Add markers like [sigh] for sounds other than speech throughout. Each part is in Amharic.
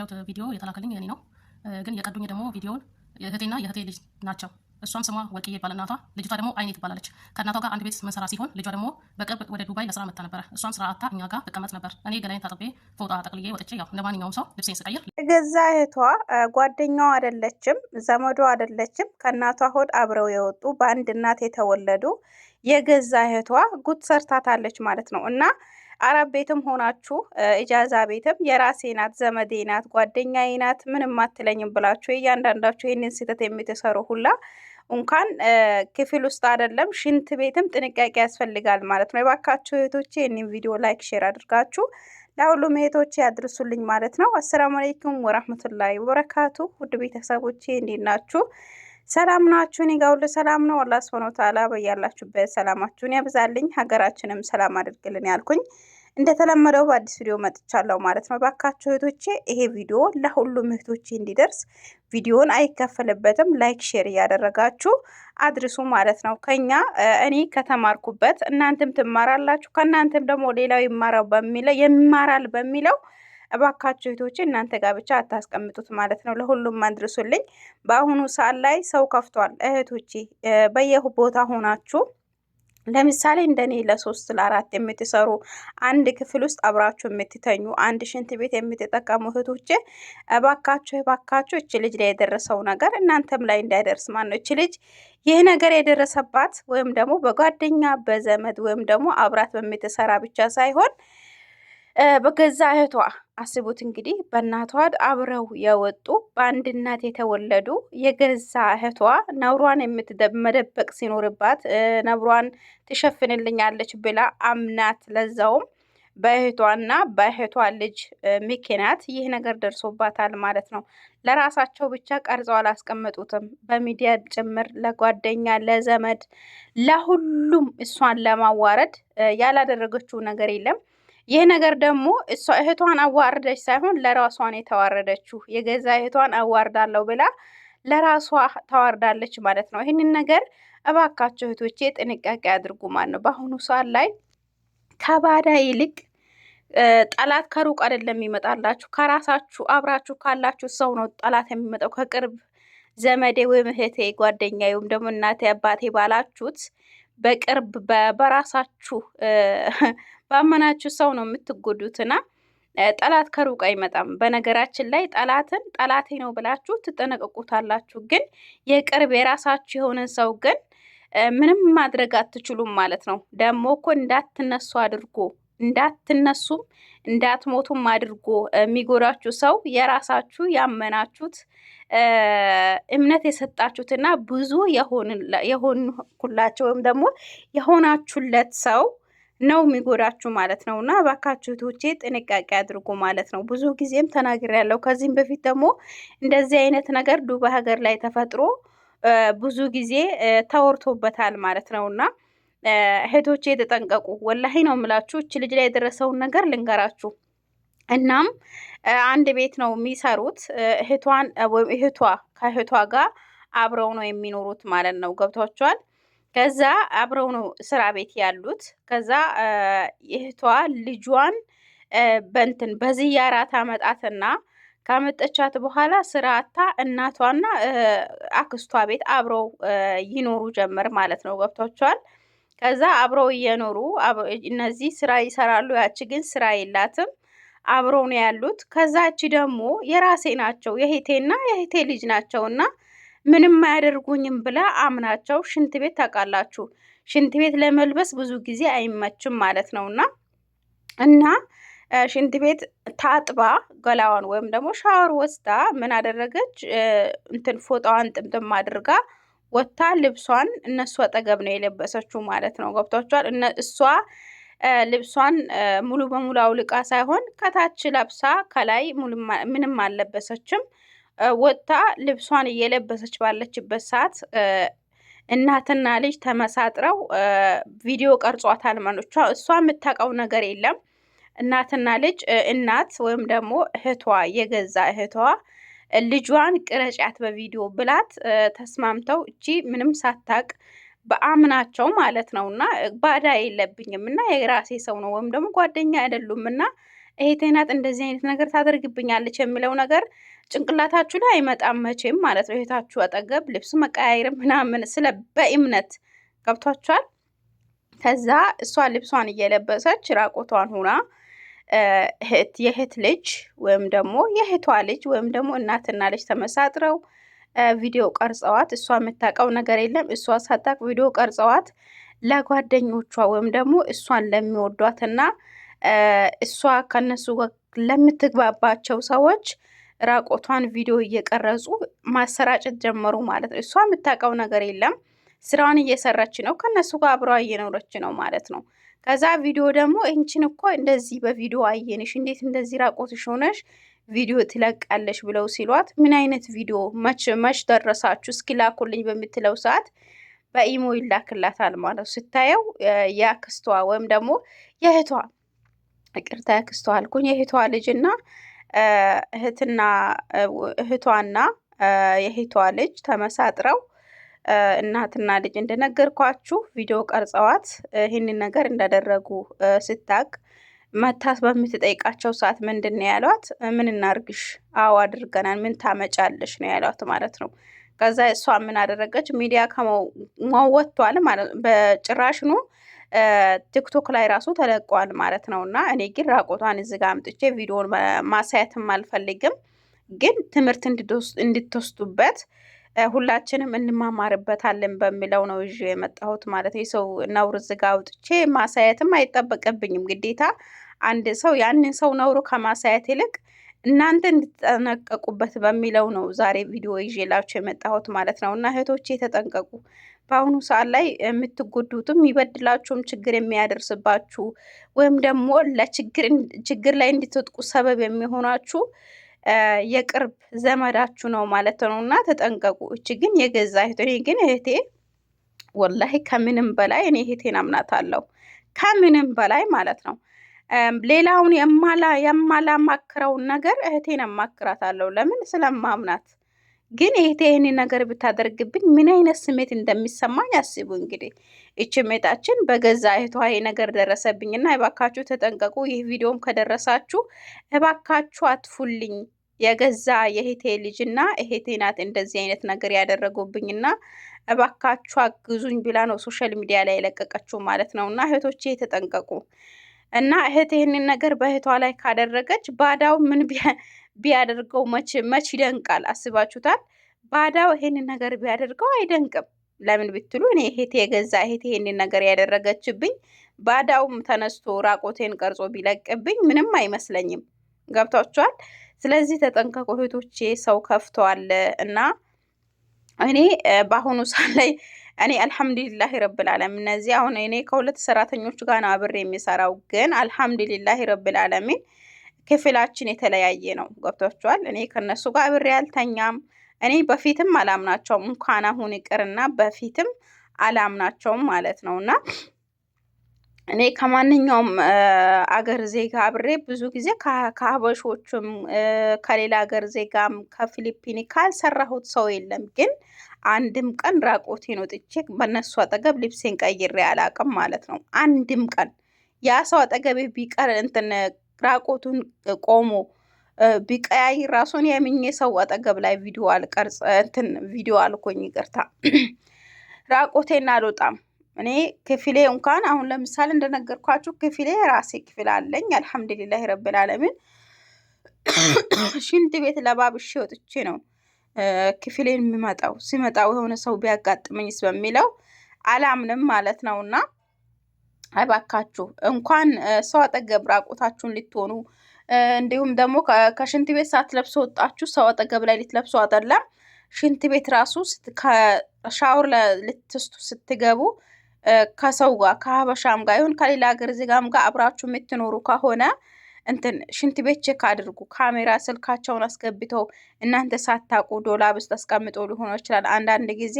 የምታዩት ቪዲዮ የተላከልኝ የኔ ነው፣ ግን የቀዱኝ ደግሞ ቪዲዮን የእህቴና የእህቴ ልጅ ናቸው። እሷም ስሟ ወርቅዬ ይባል እናቷ። ልጅቷ ደግሞ አይኔ ትባላለች። ከእናቷ ጋር አንድ ቤት ምንሰራ ሲሆን ልጇ ደግሞ በቅርብ ወደ ዱባይ ለስራ መጥታ ነበረ። እሷም ስራ አታ እኛ ጋር ተቀመጥ ነበር። እኔ ገላይን ታጥቤ ፎጣ ጠቅልዬ ወጥቼ ያው እንደ ማንኛውም ሰው ልብሴን ስቀይር እገዛ እህቷ ጓደኛው አይደለችም፣ ዘመዶ አይደለችም። ከእናቷ ሆድ አብረው የወጡ በአንድ እናት የተወለዱ የገዛ እህቷ ጉድ ሰርታታለች ማለት ነው እና አረብ ቤትም ሆናችሁ እጃዛ ቤትም የራሴ ናት፣ ዘመዴ ናት፣ ጓደኛዬ ናት፣ ምንም አትለኝም ብላችሁ እያንዳንዳችሁ ይህንን ስህተት የምትሰሩ ሁላ እንኳን ክፍል ውስጥ አይደለም ሽንት ቤትም ጥንቃቄ ያስፈልጋል ማለት ነው። የባካችሁ እህቶቼ ይህንን ቪዲዮ ላይክ፣ ሼር አድርጋችሁ ለሁሉም እህቶቼ ያድርሱልኝ ማለት ነው። አሰላሙ አለይኩም ወራህመቱላሂ ወበረካቱ ውድ ቤተሰቦቼ እንዴት ናችሁ? ሰላም ናችሁ? እኔ ጋር ሁሉ ሰላም ነው። አላህ ሱብሐነሁ ወተዓላ በያላችሁበት ሰላማችሁን ያብዛልኝ፣ ሀገራችንም ሰላም አድርግልን ያልኩኝ እንደተለመደው በአዲስ ቪዲዮ መጥቻለሁ ማለት ነው። ባካችሁ እህቶቼ ይሄ ቪዲዮ ለሁሉም እህቶቼ እንዲደርስ ቪዲዮን አይከፈልበትም፣ ላይክ ሼር እያደረጋችሁ አድርሱ ማለት ነው። ከኛ እኔ ከተማርኩበት እናንተም ትማራላችሁ፣ ከእናንተም ደግሞ ሌላው ይማራል በሚለው እባካችሁ እህቶቼ እናንተ ጋር ብቻ አታስቀምጡት ማለት ነው። ለሁሉም አድርሱልኝ። በአሁኑ ሰዓት ላይ ሰው ከፍቷል እህቶቼ፣ በየቦታ ሆናችሁ ለምሳሌ እንደኔ ለሶስት ለአራት የምትሰሩ አንድ ክፍል ውስጥ አብራችሁ የምትተኙ አንድ ሽንት ቤት የምትጠቀሙ እህቶቼ እባካችሁ እባካችሁ እች ልጅ ላይ የደረሰው ነገር እናንተም ላይ እንዳይደርስ ማን ነው እች ልጅ ይህ ነገር የደረሰባት ወይም ደግሞ በጓደኛ በዘመድ ወይም ደግሞ አብራት በምትሰራ ብቻ ሳይሆን በገዛ እህቷ አስቡት እንግዲህ በእናቷ አብረው የወጡ በአንድ እናት የተወለዱ የገዛ እህቷ ነብሯን መደበቅ ሲኖርባት ነብሯን ትሸፍንልኛለች ብላ አምናት ለዛውም በእህቷና በእህቷ ልጅ ምክንያት ይህ ነገር ደርሶባታል ማለት ነው። ለራሳቸው ብቻ ቀርጸው አላስቀመጡትም። በሚዲያ ጭምር ለጓደኛ፣ ለዘመድ፣ ለሁሉም እሷን ለማዋረድ ያላደረገችው ነገር የለም። ይህ ነገር ደግሞ እሷ እህቷን አዋርደች ሳይሆን ለራሷን የተዋረደችው የገዛ እህቷን አዋርዳለሁ ብላ ለራሷ ተዋርዳለች ማለት ነው። ይህንን ነገር እባካቸው እህቶቼ ጥንቃቄ አድርጉ ማለት ነው። በአሁኑ ሰዓት ላይ ከባዳ ይልቅ ጠላት ከሩቅ አይደለም ይመጣላችሁ። ከራሳችሁ አብራችሁ ካላችሁ ሰው ነው ጠላት የሚመጣው። ከቅርብ ዘመዴ ወይም እህቴ፣ ጓደኛ ወይም ደግሞ እናቴ፣ አባቴ ባላችሁት በቅርብ በራሳችሁ ባመናችሁ ሰው ነው የምትጎዱትና ጠላት ከሩቅ አይመጣም። በነገራችን ላይ ጠላትን ጠላቴ ነው ብላችሁ ትጠነቀቁታላችሁ። ግን የቅርብ የራሳችሁ የሆነ ሰው ግን ምንም ማድረግ አትችሉም ማለት ነው። ደግሞ እኮ እንዳትነሱ አድርጎ እንዳትነሱም እንዳትሞቱም አድርጎ የሚጎዳችሁ ሰው የራሳችሁ ያመናችሁት እምነት የሰጣችሁትና ብዙ የሆንኩላቸው ወይም ደግሞ የሆናችሁለት ሰው ነው የሚጎዳችሁ ማለት ነው። እና እባካችሁ እህቶቼ ጥንቃቄ አድርጎ ማለት ነው። ብዙ ጊዜም ተናግሬያለሁ። ከዚህም በፊት ደግሞ እንደዚህ አይነት ነገር ዱባይ ሀገር ላይ ተፈጥሮ ብዙ ጊዜ ተወርቶበታል ማለት ነው እና እህቶቼ የተጠንቀቁ። ወላሂ ነው የምላችሁ። እች ልጅ ላይ የደረሰውን ነገር ልንገራችሁ። እናም አንድ ቤት ነው የሚሰሩት። እህቷን እህቷ ከእህቷ ጋር አብረው ነው የሚኖሩት ማለት ነው። ገብቷቸዋል። ከዛ አብረው ነው ስራ ቤት ያሉት። ከዛ እህቷ ልጇን በንትን አመጣት ታመጣትና ካመጠቻት በኋላ ስራታ እናቷና አክስቷ ቤት አብረው ይኖሩ ጀመር ማለት ነው። ገብቷቸዋል። ከዛ አብረው እየኖሩ እነዚህ ስራ ይሰራሉ፣ ያቺ ግን ስራ የላትም። አብረው ነው ያሉት። ከዛች ደግሞ የራሴ ናቸው የሄቴና የሄቴ ልጅ ናቸውና ምንም አያደርጉኝም ብላ አምናቸው ሽንት ቤት ታውቃላችሁ፣ ሽንት ቤት ለመልበስ ብዙ ጊዜ አይመችም ማለት ነው እና እና ሽንት ቤት ታጥባ ገላዋን ወይም ደግሞ ሻወር ወስዳ ምን አደረገች? እንትን ፎጣዋን ጥምጥም አድርጋ ወታ ልብሷን እነሱ አጠገብ ነው የለበሰችው ማለት ነው። ገብቷቸዋል። እሷ ልብሷን ሙሉ በሙሉ አውልቃ ሳይሆን ከታች ለብሳ ከላይ ምንም አልለበሰችም። ወጥታ ልብሷን እየለበሰች ባለችበት ሰዓት እናትና ልጅ ተመሳጥረው ቪዲዮ ቀርጿታል። መኖቿ እሷ የምታውቀው ነገር የለም። እናትና ልጅ እናት ወይም ደግሞ እህቷ የገዛ እህቷ ልጇን ቅረጫት በቪዲዮ ብላት ተስማምተው እቺ ምንም ሳታቅ በአምናቸው ማለት ነው እና ባዳ የለብኝም እና የራሴ ሰው ነው ወይም ደግሞ ጓደኛ አይደሉም እና እህቴ ናት እንደዚህ አይነት ነገር ታደርግብኛለች የሚለው ነገር ጭንቅላታችሁ ላይ አይመጣም መቼም ማለት ነው። እህታችሁ አጠገብ ልብስ መቀያየር ምናምን ስለ በእምነት ገብቷችኋል። ከዛ እሷ ልብሷን እየለበሰች ራቆቷን ሁና እህት የእህት ልጅ ወይም ደግሞ የእህቷ ልጅ ወይም ደግሞ እናትና ልጅ ተመሳጥረው ቪዲዮ ቀርጸዋት እሷ የምታውቀው ነገር የለም። እሷ ሳታውቅ ቪዲዮ ቀርጸዋት ለጓደኞቿ ወይም ደግሞ እሷን ለሚወዷትና እሷ ከነሱ ለምትግባባቸው ሰዎች ራቆቷን ቪዲዮ እየቀረጹ ማሰራጨት ጀመሩ ማለት ነው። እሷ የምታውቀው ነገር የለም። ስራዋን እየሰራች ነው። ከነሱ ጋር አብረዋ እየኖረች ነው ማለት ነው። ከዛ ቪዲዮ ደግሞ እንችን እኮ እንደዚህ በቪዲዮ አየንሽ፣ እንዴት እንደዚህ ራቆትሽ ሆነሽ ቪዲዮ ትለቃለሽ ብለው ሲሏት ምን አይነት ቪዲዮ መች ደረሳችሁ እስኪ ላኩልኝ በምትለው ሰዓት በኢሞ ይላክላታል ማለት ነው። ስታየው የአክስቷ ወይም ደግሞ የእህቷ ይቅርታ ያክስቷ አልኩኝ የእህቷ ልጅና እህትና እህቷና የእህቷ ልጅ ተመሳጥረው እናትና ልጅ እንደነገርኳችሁ ቪዲዮ ቀርጸዋት ይህንን ነገር እንዳደረጉ ስታቅ መታስ በምትጠይቃቸው ሰዓት ምንድን ነው ያሏት? ምን እናርግሽ? አዎ አድርገናል፣ ምን ታመጫለሽ ነው ያሏት ማለት ነው። ከዛ እሷ ምን አደረገች? ሚዲያ ከመወጥቷል ማለት በጭራሽ ነው ቲክቶክ ላይ ራሱ ተለቋል ማለት ነው። እና እኔ ግን ራቆቷን እዚህ ጋር አምጥቼ ቪዲዮን ማሳየትም አልፈልግም፣ ግን ትምህርት እንድትወስዱበት ሁላችንም እንማማርበታለን በሚለው ነው ይዤ የመጣሁት ማለት ነው። የሰው ነውር እዚህ ጋር አውጥቼ ማሳየትም አይጠበቅብኝም ግዴታ አንድ ሰው ያንን ሰው ነውሩ ከማሳየት ይልቅ እናንተ እንድትጠነቀቁበት በሚለው ነው ዛሬ ቪዲዮ ይዤላችሁ የመጣሁት ማለት ነው። እና እህቶቼ የተጠንቀቁ በአሁኑ ሰዓት ላይ የምትጎዱትም ይበድላችሁም ችግር የሚያደርስባችሁ ወይም ደግሞ ለችግር ላይ እንድትወጥቁ ሰበብ የሚሆናችሁ የቅርብ ዘመዳችሁ ነው ማለት ነው። እና ተጠንቀቁ። እች ግን የገዛ እህት እኔ ግን እህቴ ወላሂ ከምንም በላይ እኔ እህቴን አምናታለሁ ከምንም በላይ ማለት ነው። ሌላውን የማላማክረው ነገር እህቴን አማክራታለሁ። ለምን ስለማምናት። ግን እህቴ ይህን ነገር ብታደርግብኝ ምን አይነት ስሜት እንደሚሰማኝ አስቡ እንግዲህ። እች በገዛ እህቷ ይሄ ነገር ደረሰብኝና እባካችሁ ተጠንቀቁ። ይህ ቪዲዮም ከደረሳችሁ እባካችሁ አትፉልኝ። የገዛ የእህቴ ልጅና እህቴ ናት እንደዚህ አይነት ነገር ያደረጉብኝና እባካችሁ አግዙኝ ብላ ነው ሶሻል ሚዲያ ላይ የለቀቀችው ማለት ነው። እና እህቶቼ ተጠንቀቁ። እና እህት ይህንን ነገር በእህቷ ላይ ካደረገች ባዳው ምን ቢያደርገው መች ይደንቃል? አስባችሁታል? ባዳው ይህንን ነገር ቢያደርገው አይደንቅም። ለምን ብትሉ እኔ እህቴ የገዛ እህቴ ይህንን ነገር ያደረገችብኝ ባዳውም ተነስቶ ራቆቴን ቀርጾ ቢለቅብኝ ምንም አይመስለኝም። ገብቷችኋል? ስለዚህ ተጠንቀቁ እህቶቼ። ሰው ከፍተዋል እና እኔ በአሁኑ ሰዓት ላይ እኔ አልሐምዱሊላህ ረብልዓለሚን እነዚህ አሁን እኔ ከሁለት ሰራተኞች ጋር ነው አብሬ የሚሰራው። ግን አልሐምዱሊላህ ረብልዓለሚን ክፍላችን የተለያየ ነው። ገብቷችኋል። እኔ ከነሱ ጋር አብሬ አልተኛም። እኔ በፊትም አላምናቸውም እንኳን አሁን ይቅርና በፊትም አላምናቸውም ማለት ነው እና እኔ ከማንኛውም አገር ዜጋ አብሬ ብዙ ጊዜ ከሀበሾችም ከሌላ አገር ዜጋም ከፊሊፒን ካልሰራሁት ሰው የለም። ግን አንድም ቀን ራቆቴን ወጥቼ በነሱ አጠገብ ልብሴን ቀይሬ አላቅም ማለት ነው። አንድም ቀን ያ ሰው አጠገቤ ቢቀር እንትን ራቆቱን ቆሞ ቢቀያይ ራሱን የምኜ ሰው አጠገብ ላይ ቪዲዮ አልቀርጽ እንትን ቪዲዮ አልኮኝ ይቅርታ [clears throat] ራቆቴን አልወጣም። እኔ ክፍሌ እንኳን አሁን ለምሳሌ እንደነገርኳችሁ ክፍሌ ራሴ ክፍል አለኝ። አልሐምዱሊላህ ረብል አለሚን። [coughs] ሽንት ቤት ለባብሼ ወጥቼ ነው ክፍሌን የሚመጣው። ሲመጣው የሆነ ሰው ቢያጋጥመኝስ በሚለው አላምንም ማለት ነው። እና አይባካችሁ እንኳን ሰው አጠገብ ራቆታችሁን ልትሆኑ እንዲሁም ደግሞ ከሽንት ቤት ሳትለብሱ ወጣችሁ ሰው አጠገብ ላይ ልትለብሶ አይደለም ሽንት ቤት ራሱ ሻወር ልትስቱ ስትገቡ ከሰው ጋር ከሀበሻም ጋር ይሁን ከሌላ ሀገር ዜጋም ጋር አብራችሁ የምትኖሩ ከሆነ እንትን ሽንት ቤት ቼክ አድርጉ። ካሜራ ስልካቸውን አስገብተው እናንተ ሳታውቁ ዶላብ ውስጥ አስቀምጦ ሊሆን ይችላል። አንዳንድ ጊዜ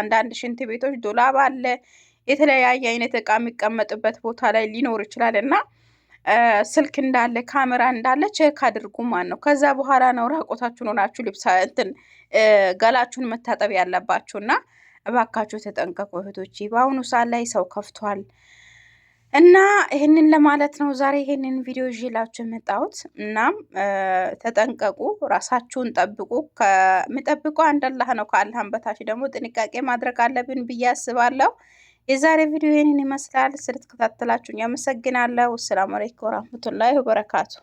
አንዳንድ ሽንት ቤቶች ዶላብ አለ፣ የተለያየ አይነት እቃ የሚቀመጥበት ቦታ ላይ ሊኖር ይችላል እና ስልክ እንዳለ ካሜራ እንዳለ ቼክ አድርጉ ማን ነው። ከዛ በኋላ ነው ራቆታችሁን ሆናችሁ ልብስ እንትን ገላችሁን መታጠብ ያለባችሁ እና እባካችሁ ተጠንቀቁ እህቶች። በአሁኑ ሰዓት ላይ ሰው ከፍቷል እና ይህንን ለማለት ነው ዛሬ ይህንን ቪዲዮ ይዤላችሁ የመጣሁት። እናም ተጠንቀቁ፣ ራሳችሁን ጠብቁ። ከምጠብቁ አንድ አላህ ነው። ከአላህም በታች ደግሞ ጥንቃቄ ማድረግ አለብን ብዬ አስባለሁ። የዛሬ ቪዲዮ ይህንን ይመስላል። ስለተከታተላችሁኝ አመሰግናለሁ። አሰላሙ አለይኩም ወረህመቱላሂ ወበረካቱ።